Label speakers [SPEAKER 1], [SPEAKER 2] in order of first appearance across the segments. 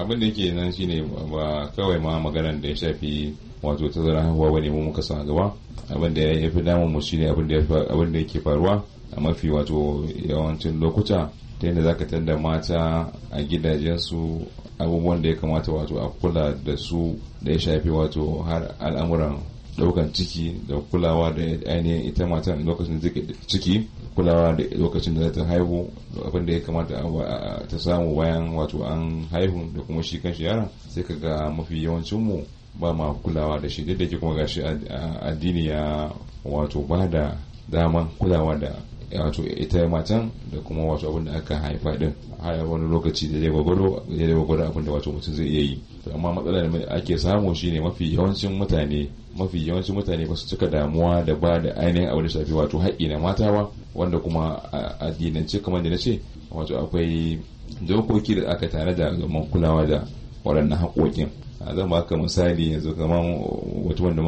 [SPEAKER 1] abin da yake nan shine ba kawai ma maganar da ya shafi wato tazarar haihuwa ne mu muka sa gaba abin da ya fi damun mu shine abin da yake faruwa a mafi wato yawancin lokuta ta yadda ka tanda mata a gidajensu abubuwan da ya kamata wato a kula da su da ya shafi wato har al'amuran daukan ciki da kulawa da ainihin ita matan lokacin da ciki kulawa da lokacin da ta haihu abin da ya kamata ta samu bayan wato an haihu da kuma shi kan yaron sai ka ga mafi yawancin mu ba ma kulawa da shi da kuma gashi addini ya wato ba da daman kulawa da wato ita matan da kuma wato abin da aka haifa din har wani lokaci da zai gwagwaro da zai gwagwaro abin da wato mutum zai iya yi amma matsalar da ake samu shine mafi yawancin mutane mafi yawancin mutane ba su cika damuwa da ba da ainihin abin da shafi wato haƙƙi na mata ba wanda kuma a addinance kamar da na ce wato akwai dokoki da aka tare da zaman kulawa da waɗannan haƙoƙin zan baka misali yanzu kamar wata wanda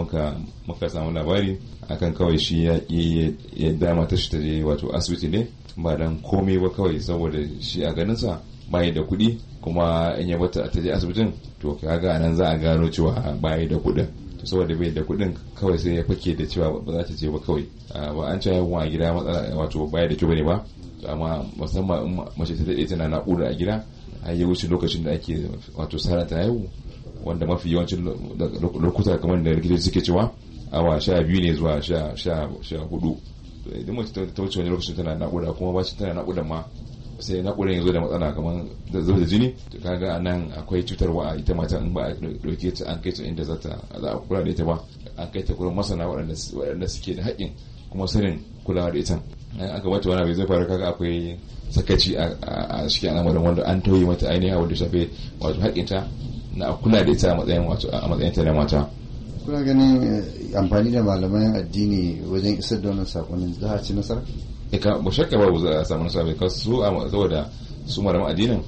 [SPEAKER 1] muka samu labari akan kawai shi ya ƙi ya dama ta shi ta je wato asibiti ne ba dan komai ba kawai saboda shi a ganinsa bayi da kuɗi kuma in ya bata ta je asibitin to kaga nan za a gano cewa bayi da kuɗin to saboda bai da kuɗin kawai sai ya fake da cewa ba za ta ce ba kawai ba an cewa yawan a gida matsala wato bayi da kyau bane ba amma musamman in mace ta daɗe tana naƙuda a gida har ya wuce lokacin da ake wato sarata yau haihu wanda mafi yawancin lokuta kamar da likitoci suke cewa awa sha biyu ne zuwa sha hudu idan mace ta wuce wani lokacin tana naƙuda kuma shi tana naƙuda ma sai na ya yanzu da matsala kamar zub da jini to kaga nan akwai cutarwa a ita mata in ba a ɗauke ta an kai ta inda za ta za a kula da ita ba an kai ta kurin masana waɗanda suke da haƙƙin kuma sanin kulawa da ita an aka mata wani abu zai faru kaga akwai sakaci a cikin al'amarin wanda an tauye mata ainihin abu da shafe wato haƙƙinta na kula da ita a matsayin wato a matsayin ta na mata kuna ganin eh, amfani da malaman addini wajen isar da wannan sakonin za a ci nasara ka ba shakka ba za a samu nasara because su a saboda su malaman addinin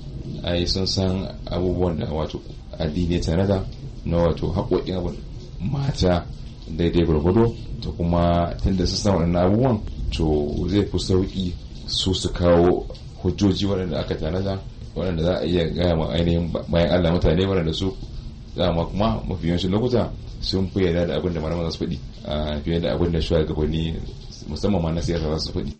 [SPEAKER 1] ai sun san abubuwan da wato addini tanada na wato haƙoƙin abin mata daidai gwargwado ta kuma tunda sun san waɗannan abubuwan to zai fi sauƙi su su kawo hujjoji waɗanda aka tanada waɗanda za a iya gaya ma ainihin bayan Allah mutane waɗanda su dama kuma mafi yawancin lokuta sun fi yarda da abin da malaman za su faɗi fiye da abin da shugabanni musamman ma na siyasa za su faɗi.